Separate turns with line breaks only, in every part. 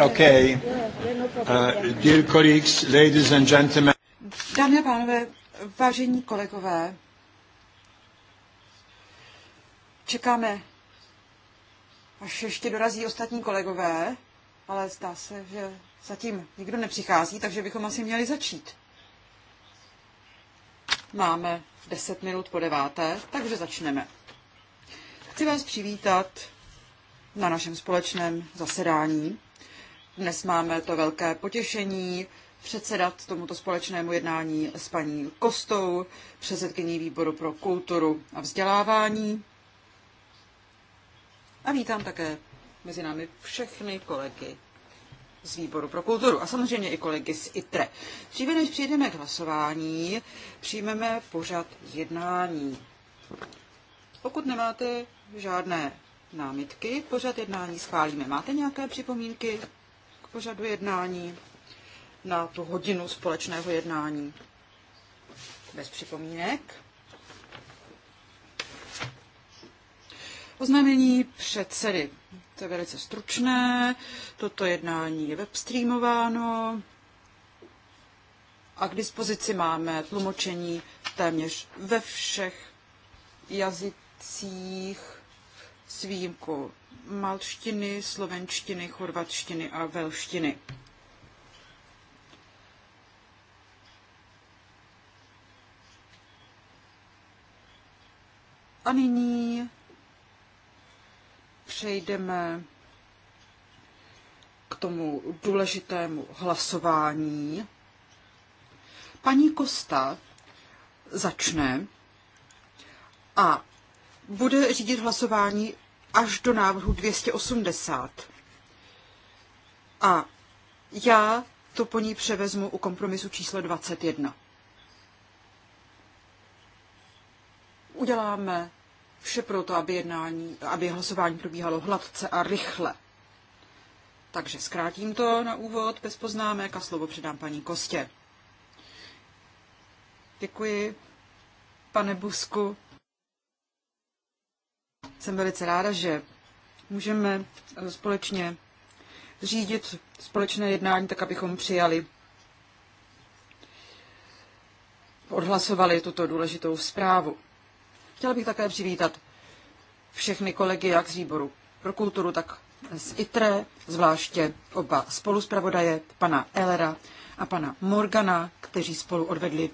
Okay. Uh, dear colleagues, ladies and gentlemen. Dámy a pánové, vážení kolegové, čekáme, až ještě dorazí ostatní kolegové, ale zdá se, že zatím nikdo nepřichází, takže bychom asi měli začít. Máme 10 minut po deváté, takže začneme. Chci vás přivítat na našem společném zasedání. Dnes máme to velké potěšení předsedat tomuto společnému jednání s paní Kostou, předsedkyní výboru pro kulturu a vzdělávání. A vítám také mezi námi všechny kolegy z výboru pro kulturu a samozřejmě i kolegy z ITRE. Dříve než přijdeme k hlasování, přijmeme pořad jednání. Pokud nemáte žádné námitky, pořad jednání schválíme. Máte nějaké připomínky? pořadu jednání na tu hodinu společného jednání. Bez připomínek. Oznámení předsedy. To je velice stručné. Toto jednání je webstreamováno a k dispozici máme tlumočení téměř ve všech jazycích s výjimkou malštiny, slovenštiny, chorvatštiny a velštiny. A nyní přejdeme k tomu důležitému hlasování. Paní Kosta začne a bude řídit hlasování až do návrhu 280. A já to po ní převezmu u kompromisu číslo 21. Uděláme vše pro to, aby, jednání, aby hlasování probíhalo hladce a rychle. Takže zkrátím to na úvod bez poznámek a slovo předám paní Kostě. Děkuji, pane Busku. Jsem velice ráda, že můžeme eh, společně řídit společné jednání, tak abychom přijali, odhlasovali tuto důležitou zprávu. Chtěla bych také přivítat všechny kolegy jak z výboru pro kulturu, tak z ITRE, zvláště oba spoluspravodaje, pana Elera a pana Morgana, kteří spolu odvedli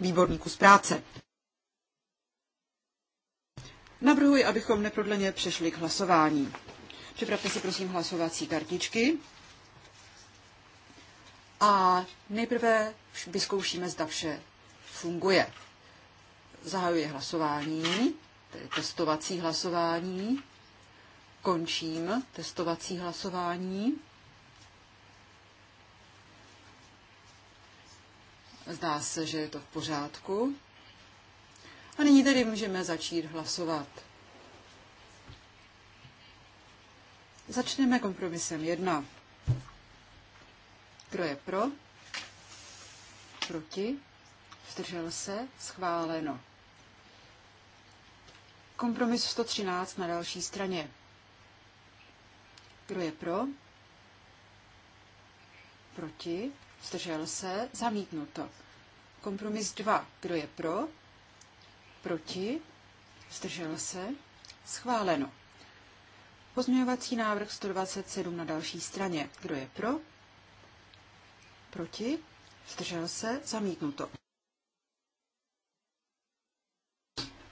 výborníku z práce. Navrhuji, abychom neprodleně přešli k hlasování. Připravte si prosím hlasovací kartičky. A nejprve vyzkoušíme, zda vše funguje. Zahajuji hlasování, tedy testovací hlasování. Končím testovací hlasování. Zdá se, že je to v pořádku nyní tedy můžeme začít hlasovat. Začneme kompromisem 1. Kdo je pro? Proti? Vzdržel se? Schváleno. Kompromis 113 na další straně. Kdo je pro? Proti? Zdržel se? Zamítnuto. Kompromis 2. Kdo je pro? Proti? Zdržel se? Schváleno. Pozměňovací návrh 127 na další straně. Kdo je pro? Proti? Zdržel se? Zamítnuto.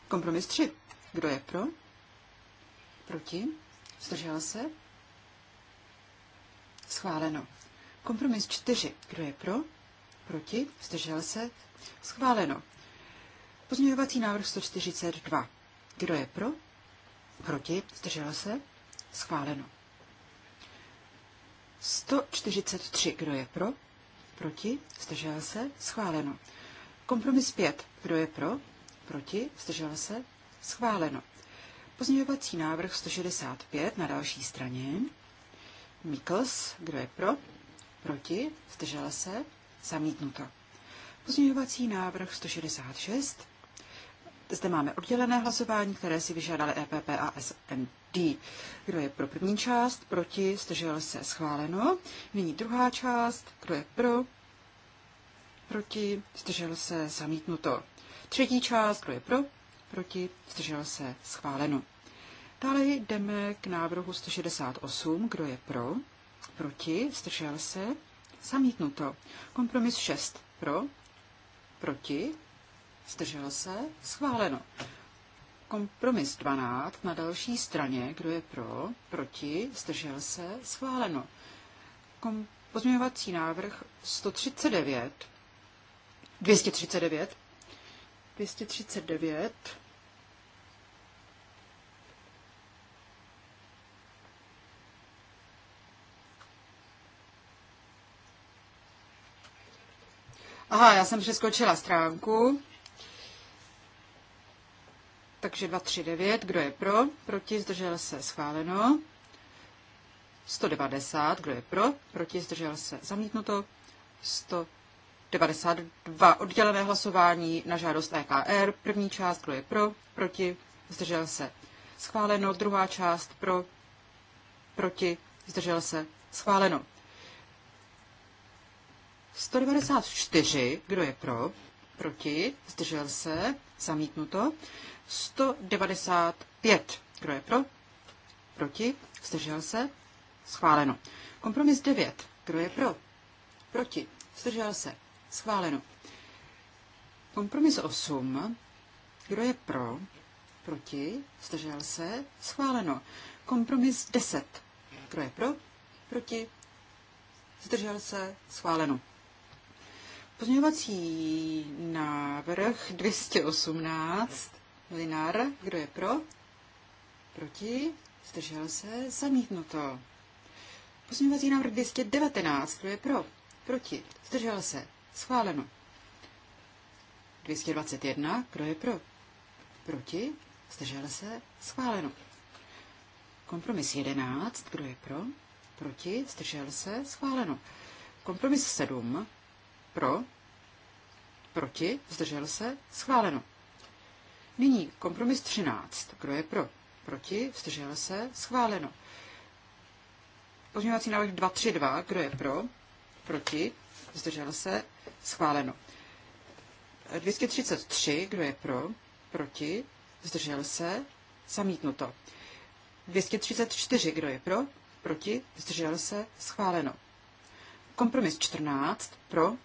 Kompromis 3. Kdo je pro? Proti? Zdržel se? Schváleno. Kompromis 4. Kdo je pro? Proti? Zdržel se? Schváleno. Pozměňovací návrh 142. Kdo je pro? Proti? Zdržel se? Schváleno. 143. Kdo je pro? Proti? Zdržel se? Schváleno. Kompromis 5. Kdo je pro? Proti? Zdržel se? Schváleno. Pozměňovací návrh 165 na další straně. Mikls, kdo je pro? Proti? Zdržel se? Zamítnuto. Pozměňovací návrh 166 zde máme oddělené hlasování, které si vyžádali EPP a SND. Kdo je pro první část? Proti? Zdržel se? Schváleno. Nyní druhá část. Kdo je pro? Proti? Zdržel se? Zamítnuto. Třetí část. Kdo je pro? Proti? Zdržel se? Schváleno. Dále jdeme k návrhu 168. Kdo je pro? Proti? Zdržel se? Zamítnuto. Kompromis 6. Pro? Proti? Zdržel se? Schváleno. Kompromis 12 na další straně. Kdo je pro? Proti? Zdržel se? Schváleno. Kom- pozměňovací návrh 139. 239. 239. Aha, já jsem přeskočila stránku. Takže 239, kdo je pro? Proti, zdržel se, schváleno. 190, kdo je pro? Proti, zdržel se, zamítnuto. 192, oddělené hlasování na žádost EKR. První část, kdo je pro? Proti, zdržel se, schváleno. Druhá část, pro? Proti, zdržel se, schváleno. 194, kdo je pro? proti, zdržel se, zamítnuto. 195, kdo je pro, proti, zdržel se, schváleno. Kompromis 9, kdo je pro, proti, zdržel se, schváleno. Kompromis 8, kdo je pro, proti, zdržel se, schváleno. Kompromis 10, kdo je pro, proti, zdržel se, schváleno. Pozměňovací návrh 218. Linar, kdo je pro? Proti? Zdržel se? Zamítnuto. Pozměňovací návrh 219. Kdo je pro? Proti? Zdržel se? Schváleno. 221. Kdo je pro? Proti? Zdržel se? Schváleno. Kompromis 11. Kdo je pro? Proti? Zdržel se? Schváleno. Kompromis 7. Pro. Proti. Zdržel se. Schváleno. Nyní kompromis 13. Kdo je pro? Proti. Zdržel se. Schváleno. Pozměňovací návrh 232. Kdo je pro? Proti. Zdržel se. Schváleno. 233. Kdo je pro? Proti. Zdržel se. Zamítnuto. 234. Kdo je pro? Proti? Zdržel se? Schváleno. Kompromis 14. Pro?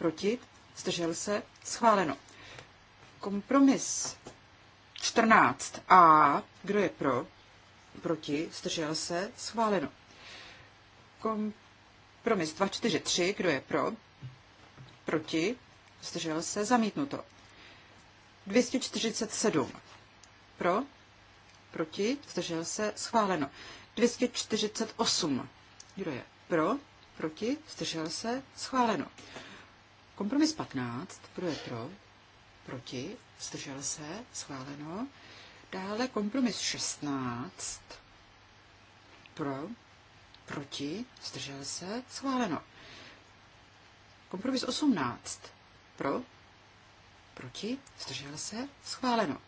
proti, zdržel se, schváleno. Kompromis 14a, kdo je pro, proti, zdržel se, schváleno. Kompromis 243, kdo je pro, proti, zdržel se, zamítnuto. 247, pro, proti, zdržel se, schváleno. 248, kdo je pro, proti, zdržel se, schváleno. Kompromis 15, kdo je pro, proti, zdržel se, schváleno. Dále kompromis 16, pro, proti, zdržel se, schváleno. Kompromis 18, pro, proti, zdržel se, schváleno.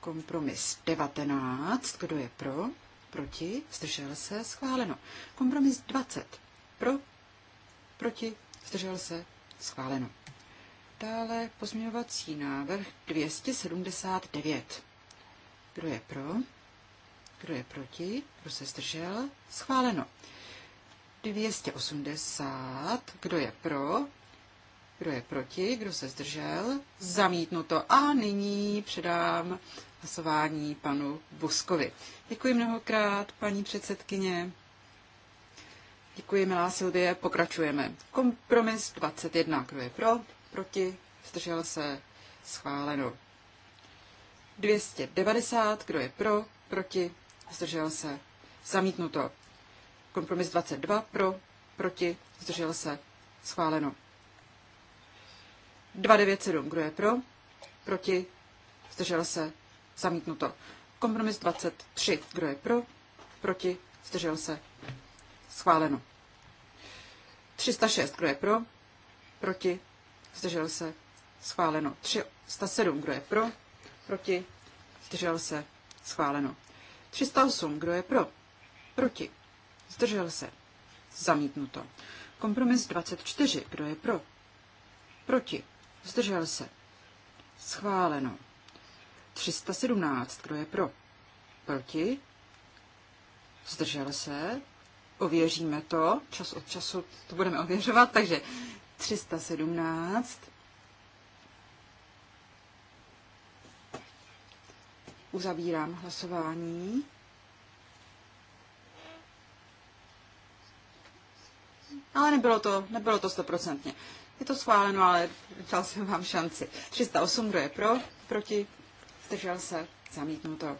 Kompromis 19, kdo je pro, proti, zdržel se, schváleno. Kompromis 20, pro, proti, zdržel se, Schváleno. Dále pozměňovací návrh 279. Kdo je pro? Kdo je proti? Kdo se zdržel? Schváleno. 280. Kdo je pro? Kdo je proti? Kdo se zdržel? Zamítnuto. A nyní předám hlasování panu Buskovi. Děkuji mnohokrát, paní předsedkyně. Děkuji, milá Silvie. Pokračujeme. Kompromis 21. Kdo je pro? Proti? Zdržel se? Schváleno. 290. Kdo je pro? Proti? Zdržel se? Zamítnuto. Kompromis 22. Pro? Proti? Zdržel se? Schváleno. 297. Kdo je pro? Proti? Zdržel se? Zamítnuto. Kompromis 23. Kdo je pro? Proti? Zdržel se? Schváleno. 306, kdo je pro? Proti? Zdržel se? Schváleno. 307, kdo je pro? Proti? Zdržel se? Schváleno. 308, kdo je pro? Proti? Zdržel se? Zamítnuto. Kompromis 24, kdo je pro? Proti? Zdržel se? Schváleno. 317, kdo je pro? Proti? Zdržel se? ověříme to, čas od času to budeme ověřovat, takže 317. Uzavírám hlasování. Ale nebylo to, nebylo to stoprocentně. Je to schváleno, ale dal jsem vám šanci. 308, kdo je pro, proti, zdržel se, zamítnuto.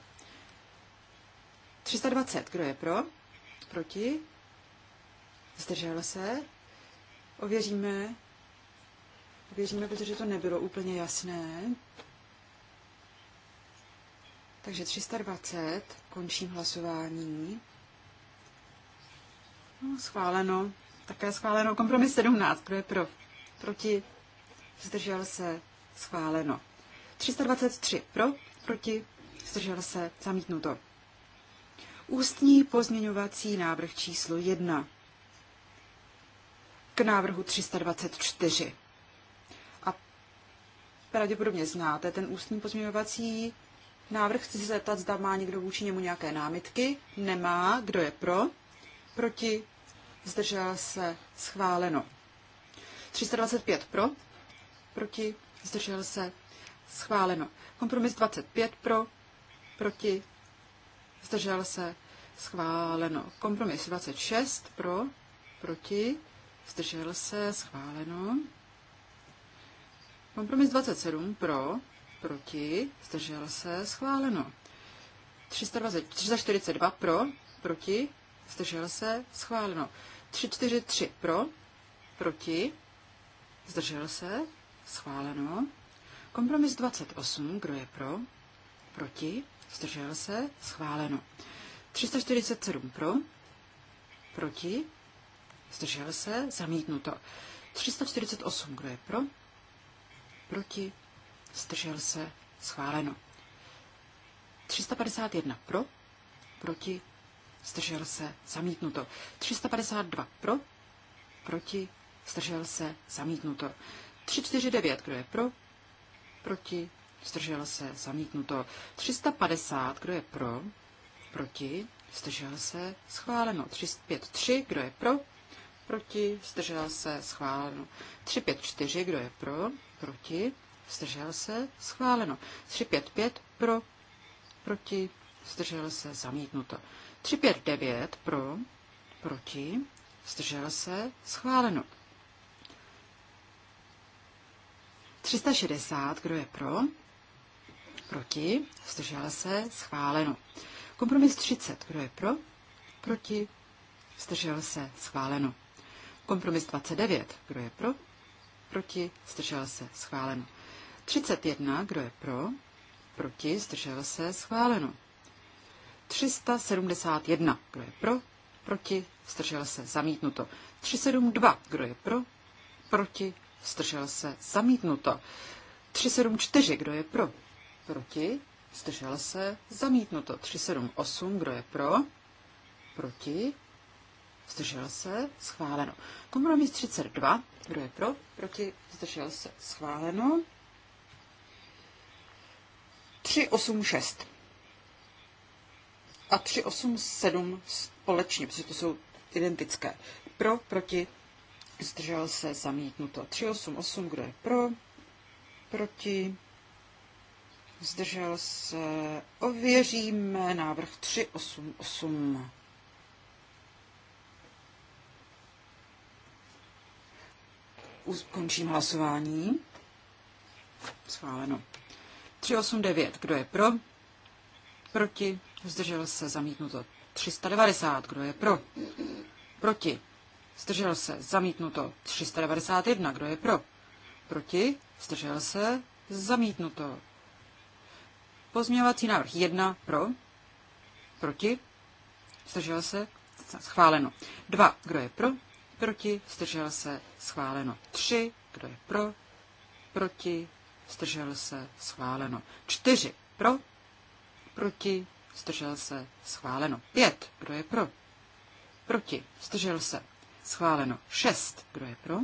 320, kdo je pro, proti, zdržel se, ověříme, ověříme, protože to nebylo úplně jasné. Takže 320, končím hlasování. No, schváleno, také schváleno, kompromis 17, kdo je pro, proti, zdržel se, schváleno. 323 pro, proti, zdržel se, zamítnuto. Ústní pozměňovací návrh číslo 1 k návrhu 324. A pravděpodobně znáte ten ústní pozměňovací návrh. Chci se zeptat, zda má někdo vůči němu nějaké námitky. Nemá. Kdo je pro? Proti? Zdržel se? Schváleno. 325 pro? Proti? Zdržel se? Schváleno. Kompromis 25 pro? Proti? zdržel se, schváleno. Kompromis 26 pro, proti, zdržel se, schváleno. Kompromis 27 pro, proti, zdržel se, schváleno. 342 pro, proti, zdržel se, schváleno. 343 pro, proti, zdržel se, schváleno. Kompromis 28, kdo je pro, proti, zdržel se, schváleno. 347 pro, proti, zdržel se, zamítnuto. 348, kdo je pro, proti, zdržel se, schváleno. 351 pro, proti, zdržel se, zamítnuto. 352 pro, proti, zdržel se, zamítnuto. 349, kdo je pro, proti, Zdržel se. Zamítnuto. 350. Kdo je pro? Proti. Zdržel se. Schváleno. 353. Kdo je pro? Proti. Zdržel se. Schváleno. 354. Kdo je pro? Proti. Zdržel se. Schváleno. 355. Pro. Proti. Zdržel se. Zamítnuto. 359. Pro. Proti. Zdržel se. Schváleno. 360, kdo je pro? Proti? Zdržel se? Schváleno. Kompromis 30. Kdo je pro? Proti? Zdržel se? Schváleno. Kompromis 29. Kdo je pro? Proti? Zdržel se? Schváleno. 31. Kdo je pro? Proti? Zdržel se? Schváleno. 371. Kdo je pro? Proti? Zdržel se? Zamítnuto. 372. Kdo je pro? Proti? Zdržel se? Zamítnuto. 374. Kdo je pro? Proti? Zdržel se? Zamítnuto. 378. Kdo je pro? Proti? Zdržel se? Schváleno. Kompromis 32. Kdo je pro? Proti? Zdržel se? Schváleno. 386 a 387 společně, protože to jsou identické. Pro, proti, zdržel se, zamítnuto. 388, kdo je pro, proti, zdržel se, ověříme návrh 388. Ukončím hlasování. Schváleno. 389, kdo je pro? Proti, zdržel se, zamítnuto. 390, kdo je pro? Proti, zdržel se, zamítnuto. 391, kdo je pro? Proti, zdržel se, zamítnuto. Pozměňovací návrh 1 pro, proti, zdržel se, schváleno. 2, kdo je pro, proti, zdržel se, schváleno. 3, kdo je pro, proti, zdržel se, schváleno. 4, pro, proti, zdržel se, schváleno. 5, kdo je pro, proti, zdržel se, schváleno. 6, kdo je pro,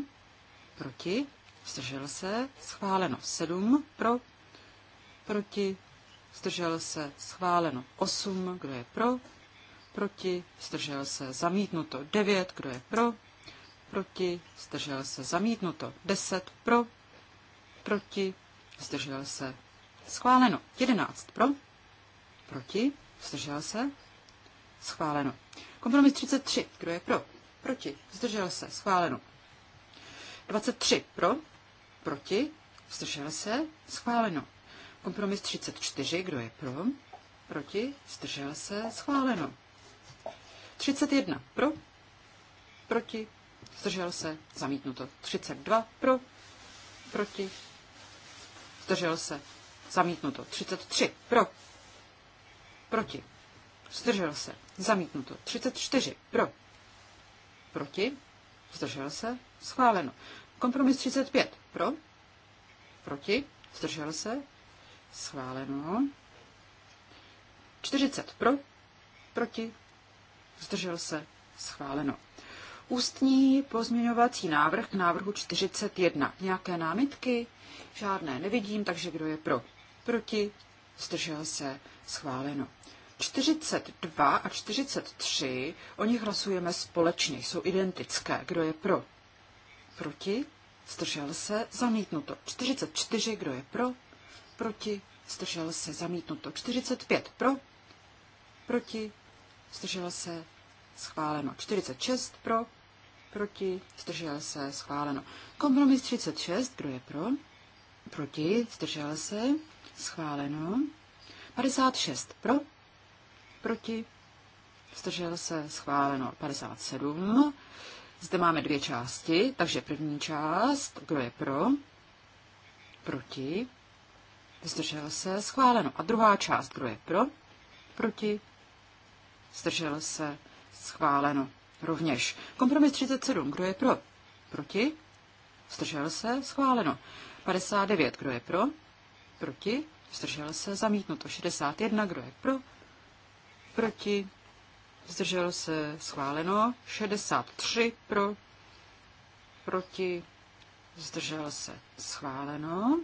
proti, zdržel se, schváleno. 7, pro, proti, zdržel se, schváleno 8, kdo je pro, proti, zdržel se, zamítnuto 9, kdo je pro, proti, zdržel se, zamítnuto 10, pro, proti, zdržel se, schváleno 11, pro, proti, zdržel se, schváleno. Kompromis 33, kdo je pro, proti, zdržel se, schváleno. 23 pro, proti, zdržel se, schváleno. Kompromis 34, kdo je pro? Proti? Zdržel se? Schváleno. 31 pro? Proti? Zdržel se? Zamítnuto. 32 pro? Proti? Zdržel se? Zamítnuto. 33 pro? Proti? Zdržel se? Zamítnuto. 34 pro? Proti? Zdržel se? Schváleno. Kompromis 35 pro? Proti? Zdržel se? Schváleno. 40 pro, proti, zdržel se, schváleno. Ústní pozměňovací návrh k návrhu 41. Nějaké námitky? Žádné nevidím, takže kdo je pro? Proti? Zdržel se? Schváleno. 42 a 43, o nich hlasujeme společně, jsou identické. Kdo je pro? Proti? Zdržel se? Zamítnuto. 44, kdo je pro? proti, zdržel se, zamítnuto. 45 pro, proti, zdržel se, schváleno. 46 pro, proti, zdržel se, schváleno. Kompromis 36, kdo je pro, proti, zdržel se, schváleno. 56 pro, proti, zdržel se, schváleno. 57 zde máme dvě části, takže první část, kdo je pro, proti, zdržel se, schváleno. A druhá část, kdo je pro, proti, zdržel se, schváleno. Rovněž. Kompromis 37, kdo je pro, proti, zdržel se, schváleno. 59, kdo je pro, proti, zdržel se, zamítnuto. 61, kdo je pro, proti, zdržel se, schváleno. 63, pro, proti, zdržel se, schváleno.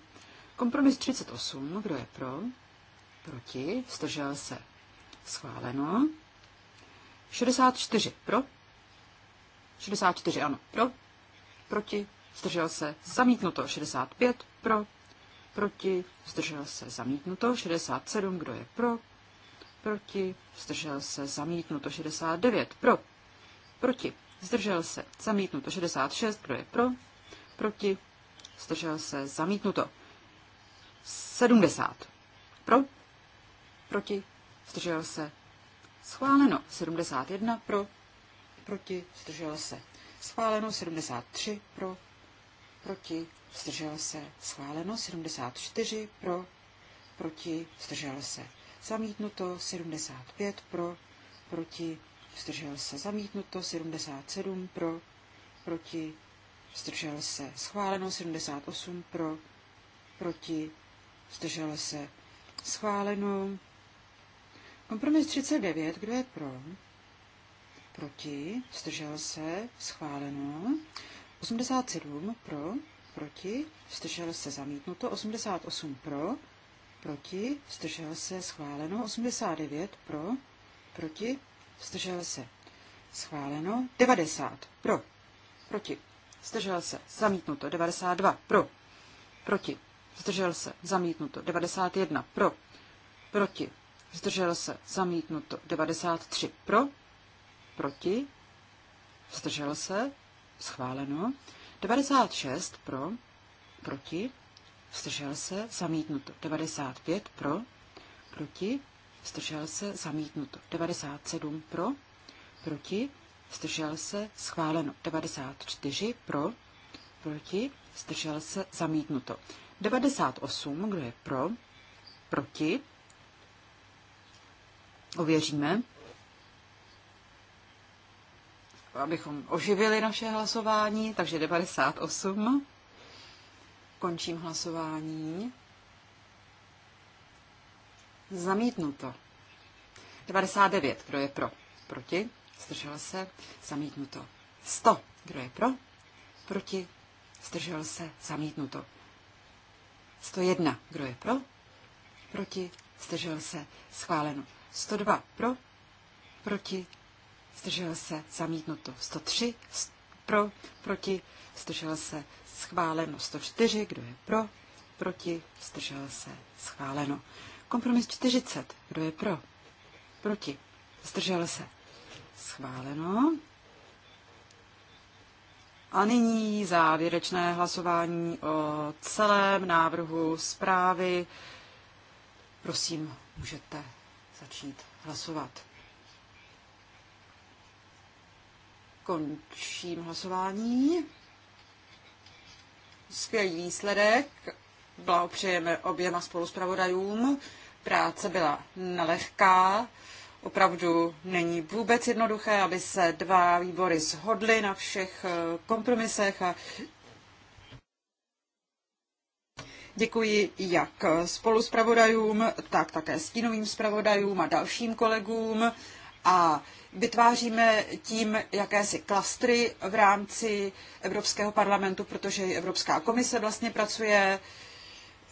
Kompromis 38. Kdo je pro? Proti? Zdržel se? Schváleno. 64. Pro? 64, ano. Pro? Proti? Zdržel se? Zamítnuto. 65. Pro? Proti? Zdržel se? Zamítnuto. 67. Kdo je pro? Proti? Zdržel se? Zamítnuto. 69. Pro? Proti? Zdržel se? Zamítnuto. 66. Kdo je pro? Proti? Zdržel se? Zamítnuto. 70. Pro? Proti? Zdržel se. Schváleno 71 pro, proti, zdržel se. Schváleno 73 pro, proti, zdržel se. Schváleno 74 pro, proti, zdržel se. Zamítnuto 75 pro, proti, zdržel se. Zamítnuto 77 pro, proti, zdržel se. Schváleno 78 pro, proti, zdržel se schváleno. Kompromis 39, kdo je pro? Proti, zdržel se, schváleno. 87 pro, proti, zdržel se, zamítnuto. 88 pro, proti, zdržel se, schváleno. 89 pro, proti, zdržel se, schváleno. 90 pro, proti, zdržel se, zamítnuto. 92 pro, proti, zdržel se, zamítnuto. 91 pro, proti, zdržel se, zamítnuto. 93 pro, proti, zdržel se, schváleno. 96 pro, proti, zdržel se, zamítnuto. 95 pro, proti, zdržel se, zamítnuto. 97 pro, proti, zdržel se, schváleno. 94 pro, proti, zdržel se, zamítnuto. 98, kdo je pro, proti, ověříme, abychom oživili naše hlasování, takže 98. Končím hlasování. Zamítnuto. 99, kdo je pro? Proti? Zdržel se? Zamítnuto. 100, kdo je pro? Proti? Zdržel se? Zamítnuto. 101. Kdo je pro? Proti? Zdržel se. Schváleno. 102. Pro? Proti? Zdržel se. Zamítnuto. 103. Pro? Proti? Zdržel se. Schváleno. 104. Kdo je pro? Proti? Zdržel se. Schváleno. Kompromis 40. Kdo je pro? Proti? Zdržel se. Schváleno. A nyní závěrečné hlasování o celém návrhu zprávy. Prosím, můžete začít hlasovat. Končím hlasování. Skvělý výsledek. Blahopřejeme oběma spoluspravodajům. Práce byla nelehká. Opravdu není vůbec jednoduché, aby se dva výbory shodly na všech eh, kompromisech a Děkuji jak spoluspravodajům, tak také stínovým spravodajům a dalším kolegům a vytváříme tím jakési klastry v rámci Evropského parlamentu, protože Evropská komise vlastně pracuje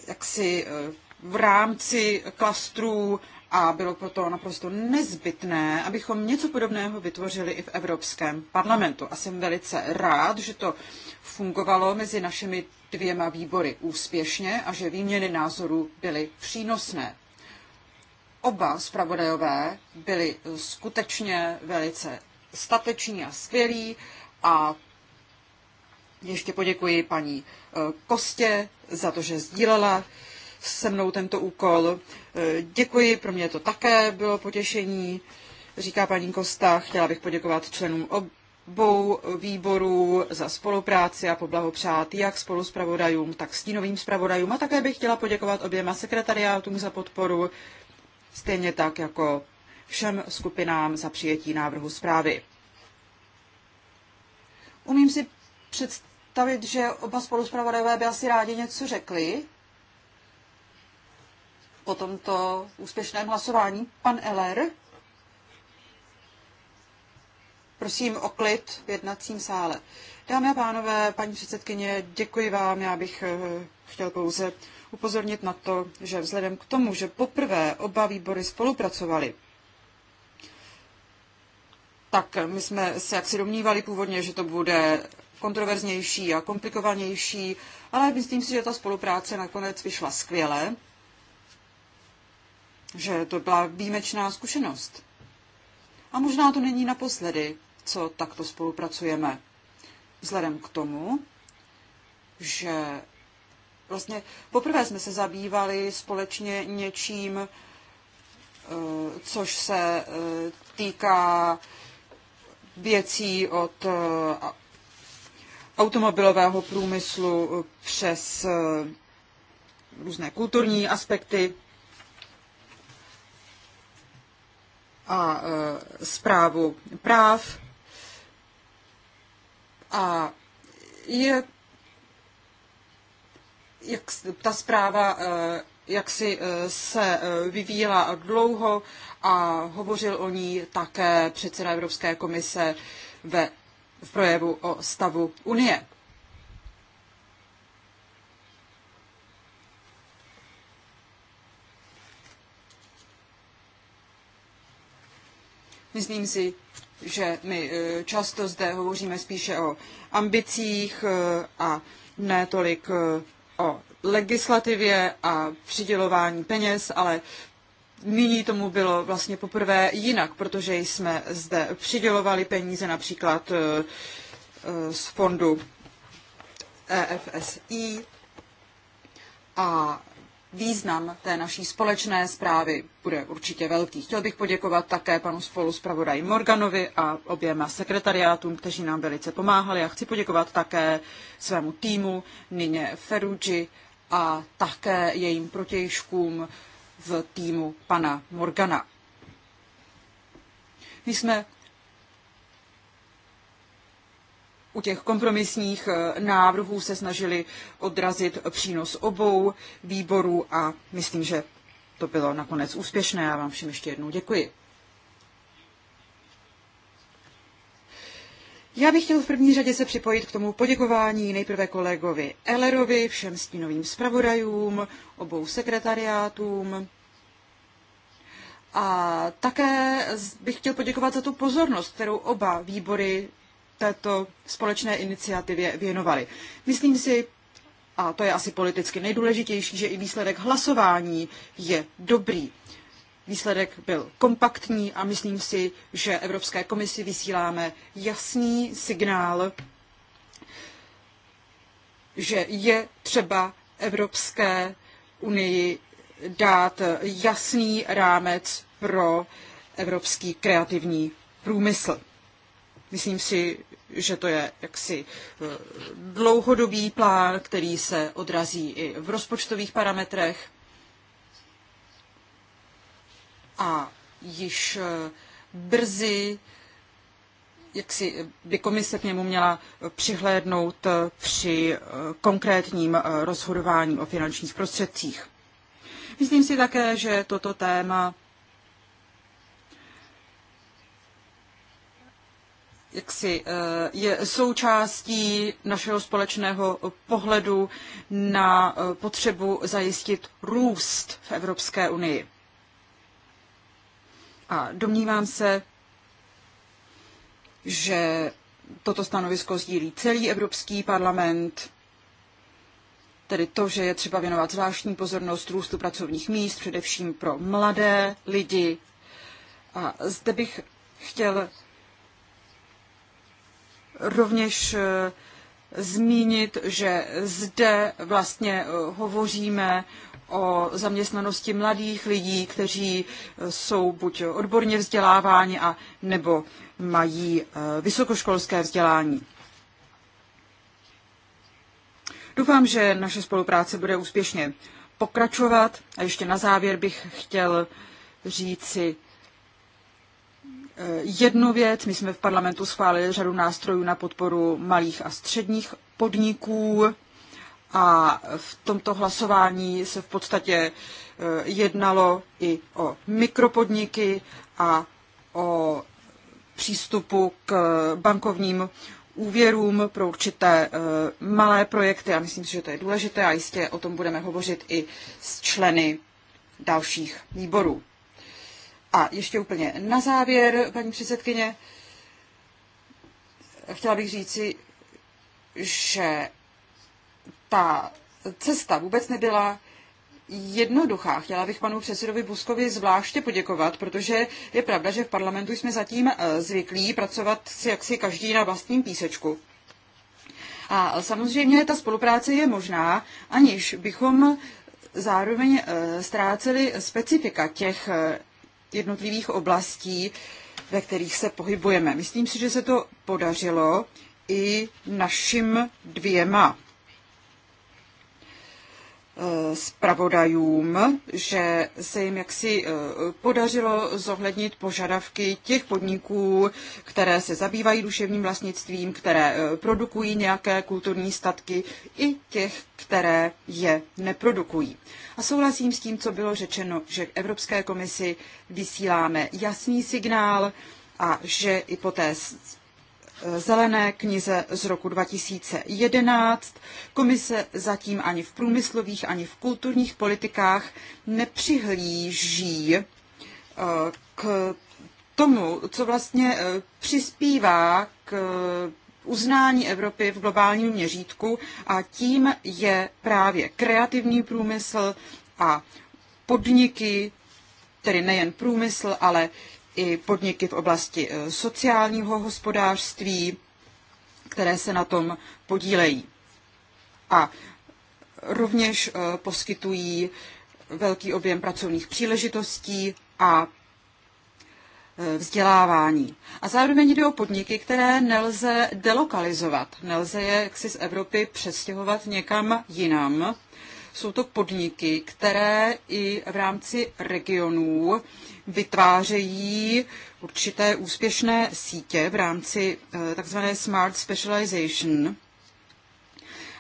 jaksi eh, v rámci klastrů a bylo proto naprosto nezbytné, abychom něco podobného vytvořili i v Evropském parlamentu. A jsem velice rád, že to fungovalo mezi našimi dvěma výbory úspěšně a že výměny názorů byly přínosné. Oba zpravodajové byli skutečně velice stateční a skvělí a ještě poděkuji paní eh, Kostě za to, že sdílela se mnou tento úkol. E, děkuji, pro mě to také bylo potěšení, říká paní Kosta. Chtěla bych poděkovat členům obou výborů za spolupráci a poblahopřát jak spolu pravodajům, tak s tím zpravodajům. A také bych chtěla poděkovat oběma sekretariátům za podporu, stejně tak jako všem skupinám za přijetí návrhu zprávy. Umím si představit, že oba spoluzpravodajové by asi rádi něco řekli, po tomto úspěšném hlasování. Pan Eller, prosím o klid v jednacím sále. Dámy a pánové, paní předsedkyně, děkuji vám. Já bych eh, chtěl pouze upozornit na to, že vzhledem k tomu, že poprvé oba výbory spolupracovali, tak my jsme se jaksi domnívali původně, že to bude kontroverznější a komplikovanější, ale myslím si, že ta spolupráce nakonec vyšla skvěle že to byla výjimečná zkušenost. A možná to není naposledy, co takto spolupracujeme. Vzhledem k tomu, že vlastně poprvé jsme se zabývali společně něčím, eh, což se eh, týká věcí od eh, automobilového průmyslu přes různé kulturní aspekty a e, zprávu práv. A je jak ta zpráva e, jak si e, se vyvíjela dlouho a hovořil o ní také předseda Evropské komise ve v projevu o stavu Unie. Myslím si, že my eh, často zde hovoříme spíše o ambicích eh, a ne tolik eh, o legislativě a přidělování peněz, ale nyní tomu bylo vlastně poprvé jinak, protože jsme zde přidělovali peníze například z fondu EFSI a význam té naší společné zprávy bude určitě velký. Chtěl bych poděkovat také panu spolu zpravodaji Morganovi a oběma sekretariátům, kteří nám velice pomáhali. A chci poděkovat také svému týmu, Nině Ferugi a také jejím protějškům v týmu pana Morgana. My jsme u těch kompromisních eh, návrhů se snažili odrazit přínos obou výborů a myslím, že to bylo nakonec úspěšné. Já vám všem ještě jednou děkuji. Já bych chtěl v první řadě se připojit k tomu poděkování nejprve kolegovi Ellerovi, všem stínovým zpravodajům, obou sekretariátům. A také bych chtěl poděkovat za tu pozornost, kterou oba výbory této společné iniciativě věnovali. Myslím si, a to je asi politicky nejdůležitější, že i výsledek hlasování je dobrý. Výsledek byl kompaktní a myslím si, že Evropské komisi vysíláme jasný signál, že je třeba Evropské unii dát jasný rámec pro evropský kreativní průmysl. Myslím si, že to je jaksi eh, dlouhodobý plán, který se odrazí i v rozpočtových parametrech. A již eh, brzy jak si by komise k němu měla přihlédnout eh, při konkrétním rozhodování o finančních prostředcích. Myslím si také, že toto téma jaksi eh, je součástí našeho společného pohledu na eh, potřebu zajistit růst v Evropské unii. A domnívám se, že toto stanovisko sdílí celý Evropský parlament, tedy to, že je třeba věnovat zvláštní pozornost růstu pracovních míst, především pro mladé lidi. A zde bych chtěl rovněž eh, zmínit, že zde vlastně eh, hovoříme o zaměstnanosti mladých lidí, kteří eh, jsou buď odborně vzděláváni a nebo mají vysokoškolské vzdělání. Doufám, že naše spolupráce bude úspěšně pokračovat a ještě na závěr bych chtěl říci jednu věc. My jsme v parlamentu schválili řadu nástrojů na podporu malých a středních podniků a v tomto hlasování se v podstatě e, jednalo i o mikropodniky a o přístupu k bankovním úvěrům pro určité e, malé projekty a myslím si, že to je důležité a jistě o tom budeme hovořit i s členy dalších výborů. A ještě úplně na závěr, paní předsedkyně, chtěla bych říci, že ta cesta vůbec nebyla jednoduchá. Chtěla bych panu předsedovi Buskovi zvláště poděkovat, protože je pravda, že v parlamentu jsme zatím eh, zvyklí pracovat si jaksi každý na vlastním písečku. A samozřejmě ta spolupráce je možná, aniž bychom zároveň eh, ztráceli specifika těch eh, jednotlivých oblastí, ve kterých se pohybujeme. Myslím si, že se to podařilo i našim dvěma zpravodajům, že se jim jaksi eh, podařilo zohlednit požadavky těch podniků, které se zabývají duševním vlastnictvím, které eh, produkují nějaké kulturní statky i těch, které je neprodukují. A souhlasím s tím, co bylo řečeno, že Evropské komisi vysíláme jasný signál a že i po té Eh, zelené knize z roku 2011. Komise zatím ani v průmyslových, ani v kulturních politikách nepřihlíží eh, k tomu, co vlastně eh, přispívá k uznání Evropy v globálním měřítku a tím je právě kreativní průmysl a podniky, tedy nejen průmysl, ale i podniky v oblasti eh, sociálního hospodářství, které se na tom podílejí. A rovněž eh, poskytují velký objem pracovních příležitostí a eh, vzdělávání. A zároveň jde o podniky, které nelze delokalizovat, nelze je jaksi z Evropy přestěhovat někam jinam, jsou to podniky, které i v rámci regionů vytvářejí určité úspěšné sítě v rámci eh, takzvané smart specialization.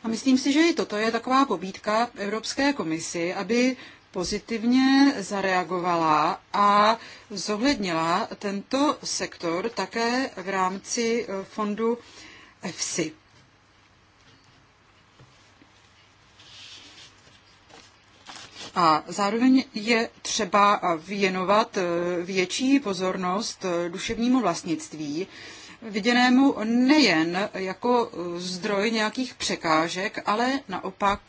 A myslím si, že i toto je taková pobídka Evropské komisi, aby pozitivně zareagovala a zohlednila tento sektor také v rámci eh, fondu EFSI. A zároveň je třeba věnovat eh, větší pozornost eh, duševnímu vlastnictví, viděnému nejen jako eh, zdroj nějakých překážek, ale naopak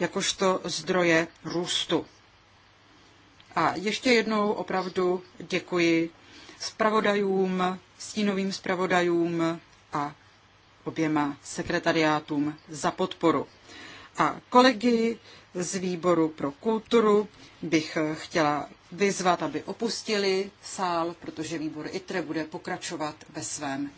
jakožto zdroje růstu. A ještě jednou opravdu děkuji spravodajům, stínovým spravodajům a oběma sekretariátům za podporu a kolegy z výboru pro kulturu bych chtěla vyzvat, aby opustili sál, protože výbor ITRE bude pokračovat ve svém